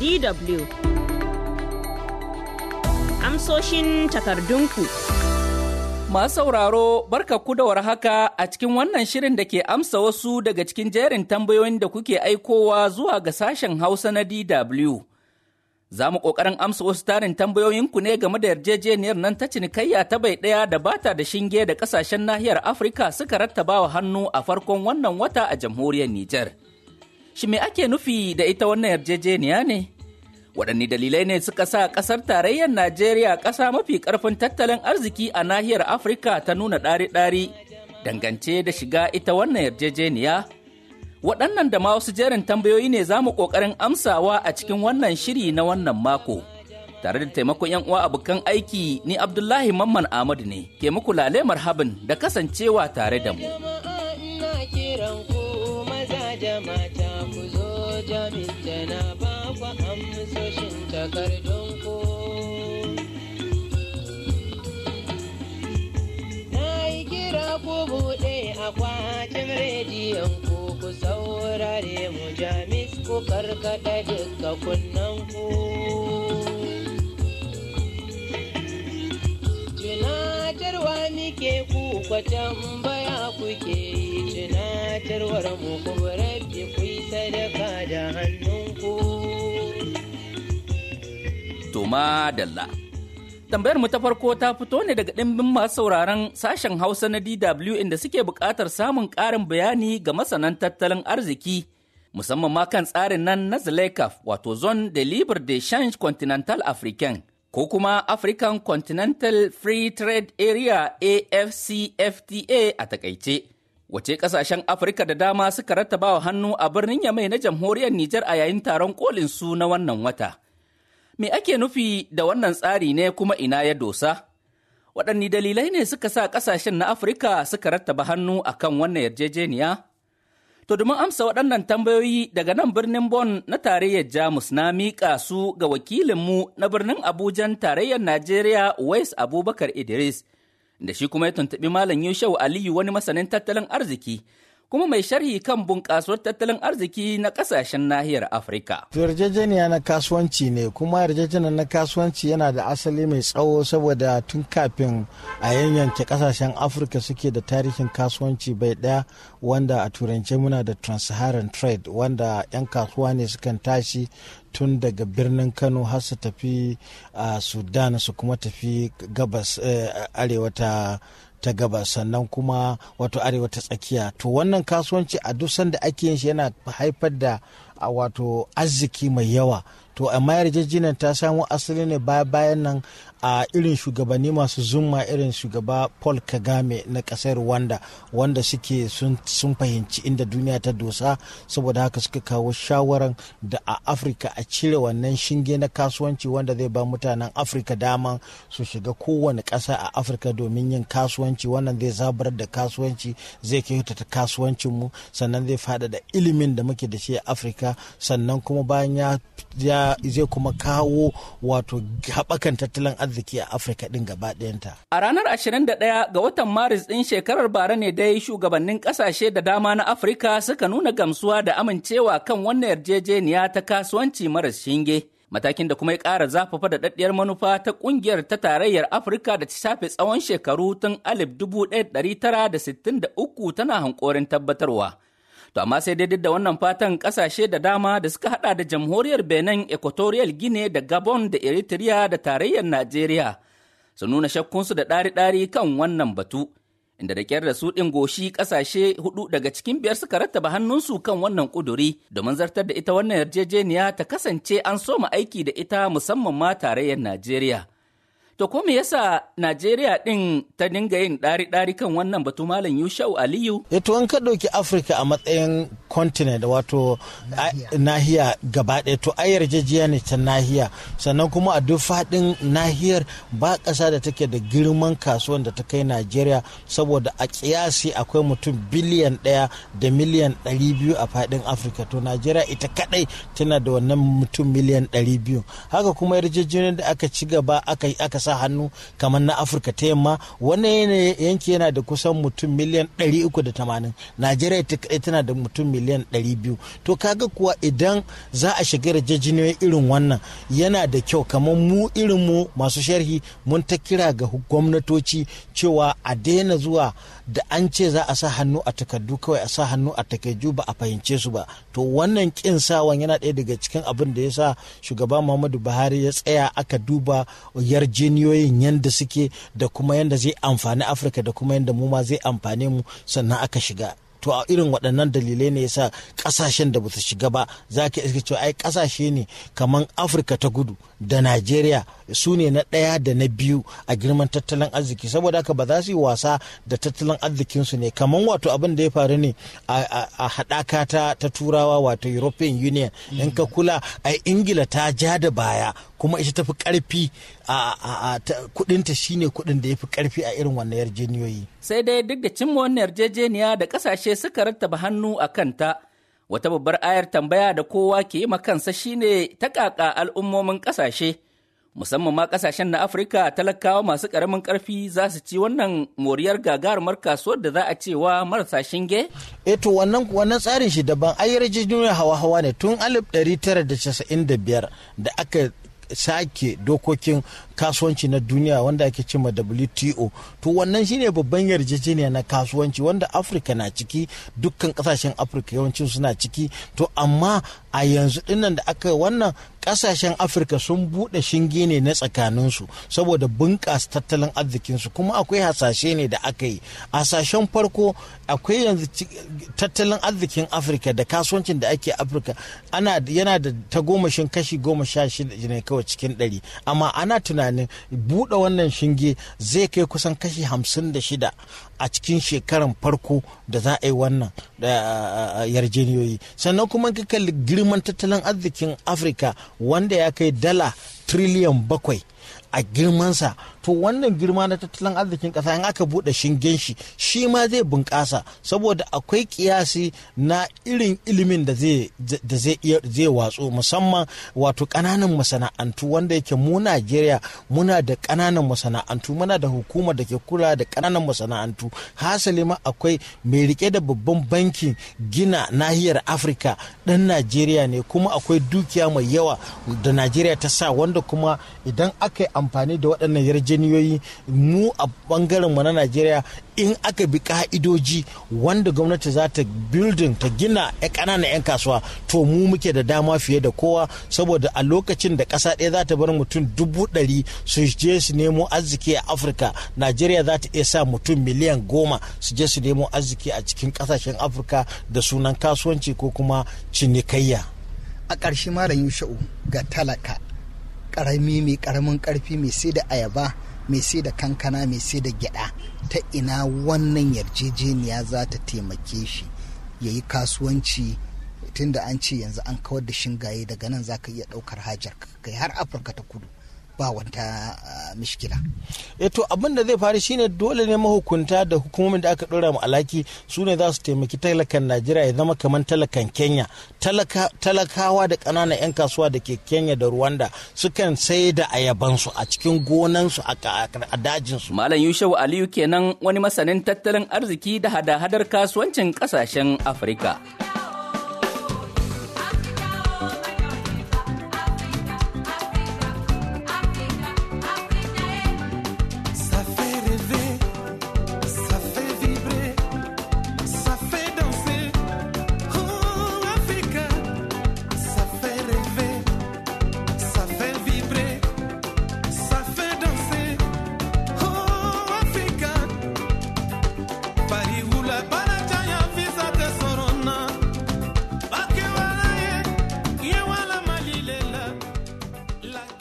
DW. Amsoshin takardunku. Masu sauraro barka ku da warhaka a cikin wannan shirin da ke amsa wasu daga cikin jerin tambayoyin da kuke aikowa zuwa ga sashen Hausa na DW. Za mu ƙoƙarin amsa wasu tarin tambayoyinku ne game da yarjejeniyar nan ta cinikayya ta bai ɗaya da bata da shinge da ƙasashen nahiyar Afirka suka rattabawa hannu a farkon wannan wata a jamhuriyar Nijar. Shi me ake nufi da ita wannan yarjejeniya ne? waɗanne dalilai ne suka sa ƙasar tarayyar najeriya ƙasa mafi ƙarfin tattalin arziki a nahiyar afirka ta nuna ɗari-ɗari dangance da shiga ita wannan yarjejeniya waɗannan da ma wasu jerin tambayoyi ne za mu ƙoƙarin amsawa a cikin wannan shiri na wannan mako tare da taimakon yan uwa abokan aiki ni abdullahi mamman ahmadu ne ke muku lale habin da kasancewa tare da mu jama'a amsoshin takardun ku na yi kira ku buɗe akwatin rediyon ku ku saurare mu jamis ku karkata duka kunnen ku tunatarwa muke ku kwatan baya kuke yi tunatarwar mu ku rabbi ku sadaka da hannunku. Toma madalla. Tambayar mu ta farko ta fito ne daga ɗimbin masu sauraron sashen Hausa na DW inda suke buƙatar samun ƙarin bayani ga masanan tattalin arziki musamman ma kan tsarin nan na Zalekaf wato Zone de Libre de Change Continental African ko kuma African Continental Free Trade Area AFCFTA a takaice. Wace ƙasashen Afirka da dama suka wa hannu a birnin Yamai na jamhuriyar Nijar a yayin taron kolin su na wannan wata. Me ake nufi da wannan tsari ne kuma ina ya dosa? Waɗanni dalilai ne suka sa ƙasashen na Afirka suka rattaba hannu a kan wannan yarjejeniya? To domin amsa waɗannan tambayoyi daga nan birnin Bon na tarayyar Jamus na miƙa su ga wakilinmu na birnin Abujan tarayyar Najeriya Wais Abubakar Idris, da shi kuma ya tuntuɓi Malam Yushau Aliyu wani masanin tattalin arziki kuma mai sharhi kan bunƙasar tattalin arziki na ƙasashen nahiyar Afirka. Yarjejeniya na kasuwanci ne kuma yarjejeniya na kasuwanci yana da asali mai tsawo saboda tun kafin a yanyanke ƙasashen Afirka suke da tarihin kasuwanci bai ɗaya wanda a turance muna da Trans-Saharan Trade wanda 'yan kasuwa ne sukan tashi tun daga birnin kano har su tafi a sudan su kuma tafi gabas eh, arewa ta ta gaba sannan kuma wato arewa ta tsakiya to wannan kasuwanci a duk sanda ake yin shi yana haifar da wato arziki mai yawa to amma yarjejeniyar ta samo asali ne bayan nan a irin shugabanni masu zuma irin shugaba paul kagame na kasar rwanda wanda suke sun fahimci inda duniya ta dosa saboda haka suka kawo shawaran da a afirka a cire wannan shinge na kasuwanci wanda zai ba mutanen afirka dama su shiga kowane ƙasa a afirka domin yin kasuwanci wannan zai zabar da kasuwanci zai kyautata kasuwancinmu sannan zai faɗaɗa ilimin da muke da shi a afirka sannan kuma bayan ya zai kuma kawo wato haɓakan tattalin arziki arziki a Afirka din gaba ɗayanta. A ranar 21 ga watan Maris ɗin shekarar bara ne dai shugabannin ƙasashe da dama na Afirka suka nuna gamsuwa da amincewa kan wannan yarjejeniya ta kasuwanci maras shinge. Matakin da kuma ya ƙara zafafa da daɗiyar manufa ta ƙungiyar ta tarayyar Afirka da ta shafe tsawon shekaru tun 1963 tana hankorin tabbatarwa. To amma sai dai duk da wannan fatan kasashe da dama da suka hada da jamhuriyar Benin, Equatorial Guinea da Gabon da Eritrea da tarayyar Najeriya su nuna shakkunsu da ɗari-ɗari kan wannan batu. Inda da kyar da su ɗin goshi ƙasashe hudu daga cikin biyar suka rattaba hannunsu kan wannan ƙuduri domin zartar da ita wannan yarjejeniya ta kasance an soma aiki da ita musamman ma tarayyar Najeriya. To ko me yasa Najeriya ɗin ta dinga yin ɗari-ɗari kan wannan batu Malam Yushau Aliyu? Eto eh, an ka ɗauki Afirka a matsayin kontinent wato nahiya gaba ɗaya to a yarjejiya ne ta nahiya sannan kuma a duk faɗin nahiyar ba ƙasa da take da girman kasuwan da ta kai Najeriya saboda a ƙiyasi akwai mutum biliyan ɗaya da miliyan ɗari biyu a faɗin Afirka to Najeriya ita kaɗai tana da wannan mutum miliyan ɗari biyu haka kuma yarjejeniyar da aka ci gaba aka aka sa hannu kamar na afirka ta yamma wannan yanki yana da kusan mutum miliyan 380 najeriya ta tana da mutum miliyan 200 to kaga kuwa idan za a shiga yarjejeniyoyi irin wannan yana da kyau kamar mu irin mu masu sharhi mun ta kira ga gwamnatoci cewa a daina zuwa da an ce za a sa hannu a takardu kawai a sa hannu a takardu ba a fahimce su ba to wannan kin sawan yana ɗaya daga cikin abin da ya sa shugaba muhammadu buhari ya tsaya aka duba yarjeniyoyin yadda suke da kuma yadda zai amfani afirka da kuma yadda mu ma zai amfane mu sannan aka shiga to a irin waɗannan dalilai ne yasa ƙasashen da basu shiga ba za ka iska cewa ai ƙasashe ne kamar afirka ta gudu da najeriya su ne na ɗaya da na biyu a girman tattalin arziki saboda haka ba za su yi wasa da tattalin arzikinsu ne kamar wato abin da ya faru ne a haɗaka ta turawa wato european union in ka kula ai ingila ta ja da baya kuma ita tafi karfi a kudinta shine kudin da ya fi karfi a irin wannan yarjejeniyoyi. Sai dai duk da cimma wannan yarjejeniya da kasashe suka rattaba hannu a kanta wata babbar ayar tambaya da kowa ke yi kansa shine ta kaka al'ummomin kasashe musamman ma kasashen na Afirka talakawa masu karamin karfi za su ci wannan moriyar gagarumar kasuwar da za a cewa marasa shinge? Eto eh wannan wannan tsarin shi daban ai jijiyoyin hawa-hawa ne tun 1995 da aka sake dokokin kasuwanci na duniya wanda ake cima WTO to wannan shine babban yarjejeniya na kasuwanci wanda Afirka na ciki dukkan kasashen Afirka yawancin suna ciki to amma a yanzu dinnan da aka wannan kasashen Afirka sun bude shinge ne na tsakaninsu saboda bunƙasa tattalin arzikinsu kuma akwai hasashe ne da aka yi hasashen farko akwai yanzu tattalin arzikin Afirka da kasuwancin da ake Afirka yana da tagomashin kashi goma sha shida ne kawai cikin ɗari amma ana tunani tunanin buɗe wannan shinge zai kai kusan kashi hamsin da shida a cikin shekaran farko da za a yi wannan yarjeniyoyi sannan kuma ka kalli girman tattalin arzikin afirka wanda ya kai dala triliyan bakwai a girmansa to wannan girma na tattalin arzikin ƙasa in aka buɗe shingen shi shi ma zai bunƙasa saboda akwai kiyasi na irin ilimin da zai watsu musamman wato kananan masana'antu wanda yake mu Najeriya muna da ƙananan masana'antu muna da hukumar da ke kula da ƙananan masana'antu hasali ma akwai mai rike da babban bankin gina nahiyar Afirka ɗan Najeriya ne kuma akwai dukiya mai yawa da Najeriya ta sa wanda kuma idan aka yi amfani da waɗannan yarjejeniyoyi mu a bangaren mu na najeriya in aka bi ka'idoji wanda gwamnati za ta building ta gina ya ƙananan 'yan kasuwa to mu muke da dama fiye da kowa saboda a lokacin da ƙasa ɗaya za ta bar mutum dubu ɗari su je su nemo arziki a afirka najeriya za ta iya sa mutum miliyan goma su je su nemo arziki a cikin ƙasashen afirka da sunan kasuwanci ko kuma cinikayya a ƙarshe mara yin sha'u ga talaka karami mai karamin karfi mai sai da ayaba mai sai da kankana mai sai da gyada ta ina wannan yarjejeniya za ta taimake shi ya yi kasuwanci tunda an ce yanzu an kawar da shingaye daga nan za ka iya ɗaukar hajar kai har afirka ta kudu ba wata ah, mishkila eto eh, abin da zai faru shine dole ne mahukunta da hukumomin da aka dora mu alaki su ne za su taimaki talakan najeriya ya zama kamar talakan kenya talakawa da ƙananan 'yan kasuwa da ke kenya da rwanda sukan sai da ayabansu a cikin gonansu a dajinsu malam yushau aliyu kenan wani masanin tattalin arziki da hada-hadar kasuwancin ƙasashen afirka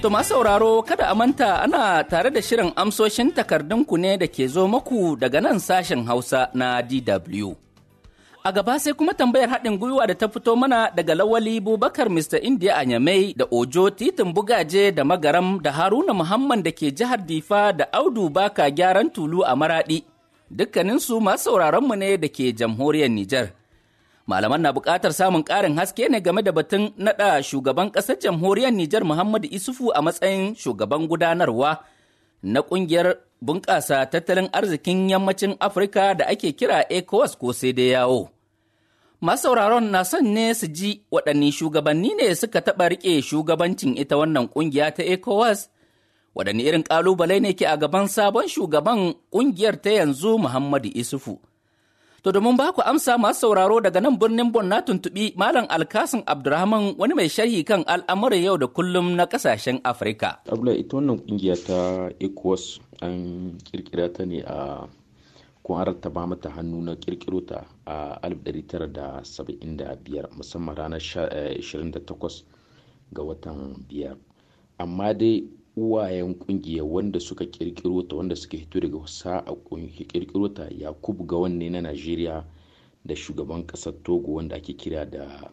To ma sauraro kada a manta ana tare da shirin amsoshin takardunku ne da ke zo maku daga nan sashen Hausa na DW. A gaba sai kuma tambayar haɗin gwiwa da ta fito mana daga Lawali Bubakar Mr. India a Anyamai da Ojo Titin Bugaje da Magaram da Haruna Muhammad da ke jihar Difa da Audu Baka gyaran tulu a Maraɗi. Dukkaninsu masu sauraronmu ne da ke jamhuriyar Nijar. Malaman na buƙatar samun ƙarin haske ne game da batun naɗa shugaban ƙasar jamhuriyar Nijar Muhammadu Isufu a matsayin shugaban gudanarwa na ƙungiyar bunƙasa tattalin arzikin yammacin Afirka da ake kira ECOWAS ko sai dai yawo. Masu na son ne su ji waɗanne shugabanni ne suka taɓa riƙe shugabancin ita wannan ƙungiya ta ECOWAS waɗanne irin ƙalubale ne ke a gaban sabon shugaban ƙungiyar ta yanzu Muhammadu Isufu. To domin ba ku amsa masu sauraro daga nan birnin Bon na tuntuɓi Malam alkasin Abdurrahman wani mai sharhi kan al'amuran yau da kullum na ƙasashen Afirka. Abdullahi ita wannan ƙungiya ta ECOWAS an kirkira ta ne a ta ba mata hannu na kirkiro ta a 1975 musamman ranar 28 eh, ga watan biyar. Amma dai uwayen kungiyar wanda suka kirkiro ta wanda suka hito daga wasa a kirkiro ta yakub ga wanne na najeriya da shugaban kasar togo wanda ake kira da yasin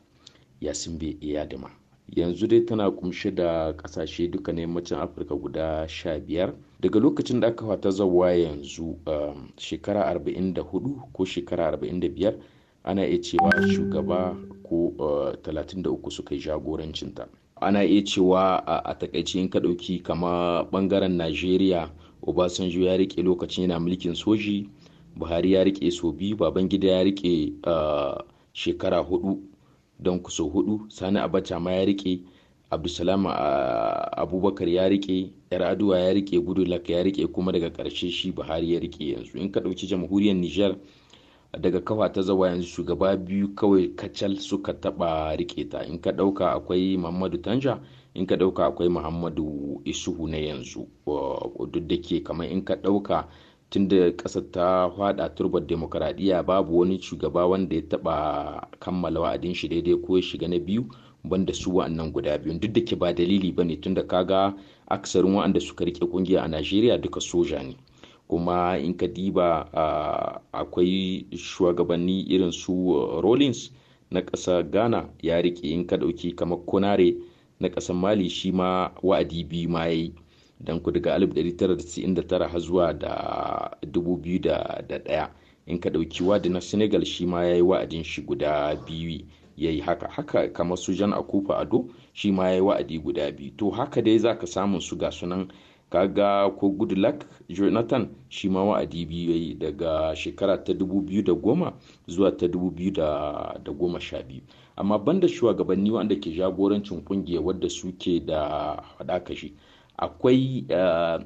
yasimbe iyadima yanzu dai tana kumshe da kasashe duka ne macin afirka guda sha biyar daga lokacin da aka fata zawa yanzu um, shekara 44 ko shekara 45 ana iya cewa shugaba ko 33 uh, suka yi jagorancinta ana iya cewa a takaice in ka ɗauki kama ɓangaren najeriya obasanjo ya rike lokacin yana mulkin soji buhari ya rike so biyu babangida ya rike shekara hudu don kuso hudu sani abacha ma ya rike abdulsalam abubakar ya rike aduwa ya rike gudulak ya rike kuma daga karshe shi buhari ya rike yanzu in ka ɗauki jamhuriyar nijar daga kafa ta zawa yanzu shugaba biyu kawai kacal suka taba rike ta in ka dauka akwai muhammadu tanja in ka dauka akwai muhammadu isuhu na yanzu duk da ke kamar in ka dauka tun da ƙasar ta hada turbar demokaradiyya babu wani shugaba wanda ya taba kammala wa'adin shi daidai ko ya shiga na biyu banda su wa'annan guda biyu duk da ke ba dalili bane tunda da kaga aksarin wa'anda suka rike kungiya a najeriya duka soja ne kuma in ka diba akwai shugabanni irin su uh, rollins na ƙasa ghana ya rike in ka ɗauki kamar konare na ƙasar mali shi ma wa'adi biyu ma ya yi don ku daga 1999 har zuwa da 2001 uh, in ka ɗauki wadi na senegal shi ma ya yi wa'adin shi guda biyu ya yi haka haka kamar su jan akufa ado shi ma ya yi wa'adi guda biyu to haka dai za ka samun su ga sunan kaga ko goodluck jonathan shi ma wa'adi biyu daga shekara ta 2010 zuwa ta 2012 amma banda shugabanni wanda ke jagorancin kungiya wadda suke da haɗakashi akwai eh,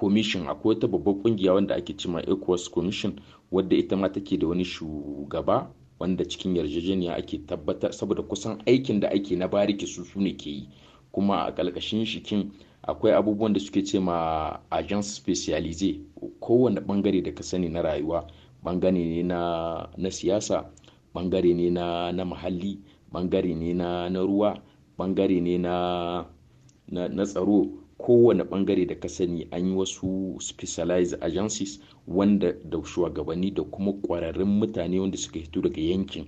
commission akwai wata babbar kungiya wanda ake cima ecos commission wadda ita ma take da wani shugaba wanda cikin yarjejeniya ake tabbatar saboda kusan aikin da ake na bariki su su ne ke yi kuma a ƙalƙashin shikin akwai abubuwan da suke ce ma agents specialize kowane bangare da ka sani na rayuwa bangare ne na, na siyasa bangare ne na, na muhalli bangare ne na, na ruwa bangare ne na, na, na tsaro kowane bangare da ka sani an yi wasu specialized agencies wanda da shugabanni da kuma kwararrun mutane wanda suka hito daga yankin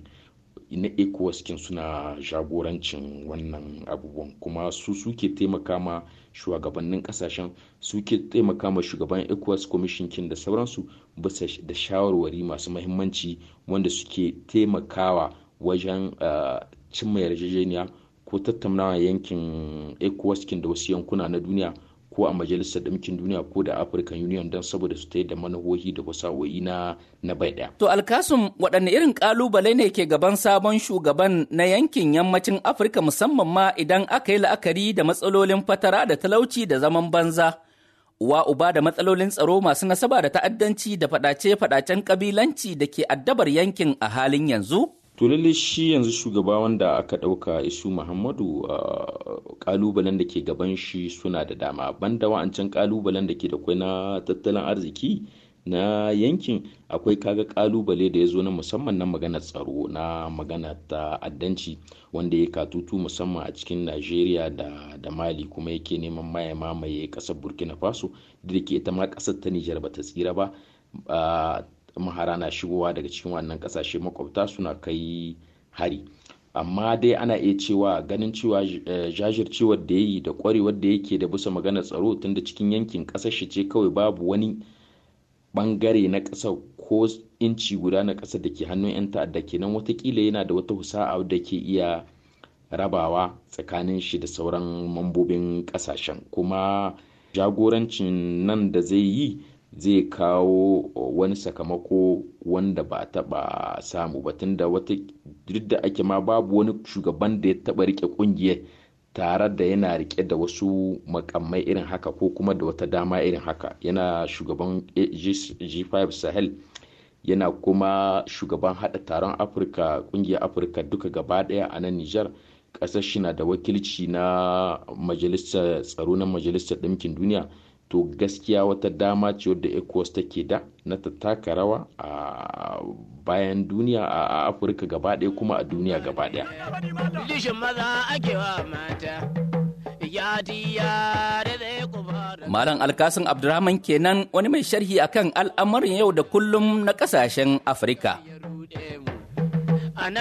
na ecowas kin suna jagorancin wannan abubuwan kuma su suke taimaka ma shugabannin kasashen suke taimaka ma shugaban ecowas commission kin da sauransu bisa da shawarwari masu mahimmanci wanda suke taimakawa wajen ah, cimma yarjejeniya ko tattaunawa yankin ecowas kin da wasu yankuna na duniya ko a majalisar ɗinkin duniya ko da african union don saboda su tayar da manahohi da fasahohi na na bai ɗaya. to alkasum waɗanne irin ƙalubale ne ke gaban sabon shugaban na yankin yammacin afirka musamman ma idan aka yi la'akari da matsalolin fatara da talauci da zaman banza uwa uba da matsalolin tsaro masu nasaba da ta'addanci da faɗace-faɗacen ƙabilanci da ke addabar yankin a halin yanzu? to lalle shi yanzu shugaba wanda aka ɗauka isu muhammadu kalubalen ah, da ke gaban shi suna da dama banda wa'ancan kalubalen da ke da kwai na tattalin arziki na yankin akwai kaga kalubale da ya zo na musamman na maganar tsaro na ta ta'addanci wanda ya katutu musamman a cikin najeriya da, da mali kuma yake neman maye mamaye kasar burkina faso da ke ita ma kasar ta nijar ba ta tsira ba ah, mahara na shigowa daga cikin wannan kasashe makwabta suna kai hari amma dai ana iya cewa ganin cewa eh, jajircewar da ya yi da kwarewar da yake da bisa maganar tsaro tunda cikin yankin kasar shi ce kawai babu wani bangare na ƙasa ko inci guda na ƙasa da ke hannun 'yan ta'adda kenan watakila yana da wata husa'a da ke iya rabawa tsakanin shi da sauran mambobin ƙasashen kuma jagorancin nan da zai yi zai kawo wani sakamako wanda ba a taba samu ba tun da wata duk da ake ma babu wani shugaban da ya taɓa rike ƙungiya tare da yana rike da wasu makamai irin haka ko kuma da wata dama irin haka yana shugaban g5 sahel yana kuma shugaban haɗa taron afirka ƙungiyar afirka duka gaba ɗaya a nan nijar ƙasar shi na da wakilci na majalisar tsaro na majalisar ɗinkin duniya to gaskiya wata dama ce wadda ecowas take da na ta taka rawa a bayan duniya a afirka gaba ɗaya kuma a duniya gaba ɗaya Malam Alkasin Abdurrahman kenan wani mai sharhi akan al'amarin yau da kullum na kasashen Afirka. an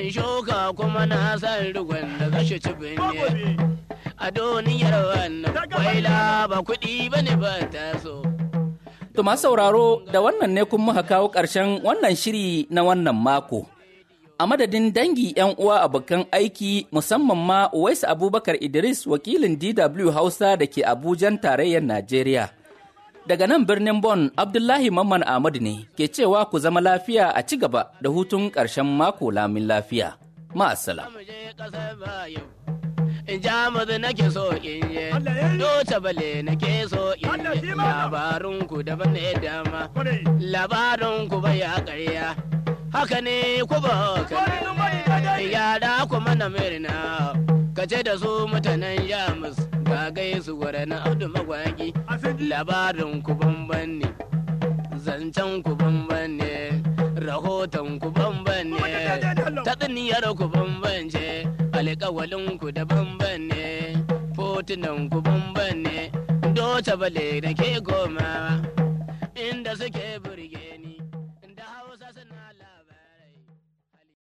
san shuka kuma na san rugun da zashi ci a duniyar wannan kwaila ba kuɗi ba ne ba To masu sauraro da wannan ne kun muka kawo ƙarshen wannan shiri na wannan mako. A madadin dangi 'yan uwa abokan aiki musamman ma Uwais Abubakar Idris wakilin DW Hausa da ke Abujan tarayyar Najeriya. Daga nan birnin Bon, Abdullahi Mamman Ahmad ne ke cewa ku zama lafiya a ci gaba da hutun ƙarshen mako lamin lafiya. Ma'asala. Jamus nake so in je, doce bale nake so in labarinku ba ne dama, labarinku ƙarya, haka ne ku ba ku mana mirna, kace da su mutanen Jamus. a gaisu gwada na audu magwagi labarin ku bamban ne zancen ku bamban ne rahoton ku bamban ne tatsuniyar ku bamban ce alƙawalin ku da bamban ne fotunan ku bamban ne doce bale da ke goma inda suke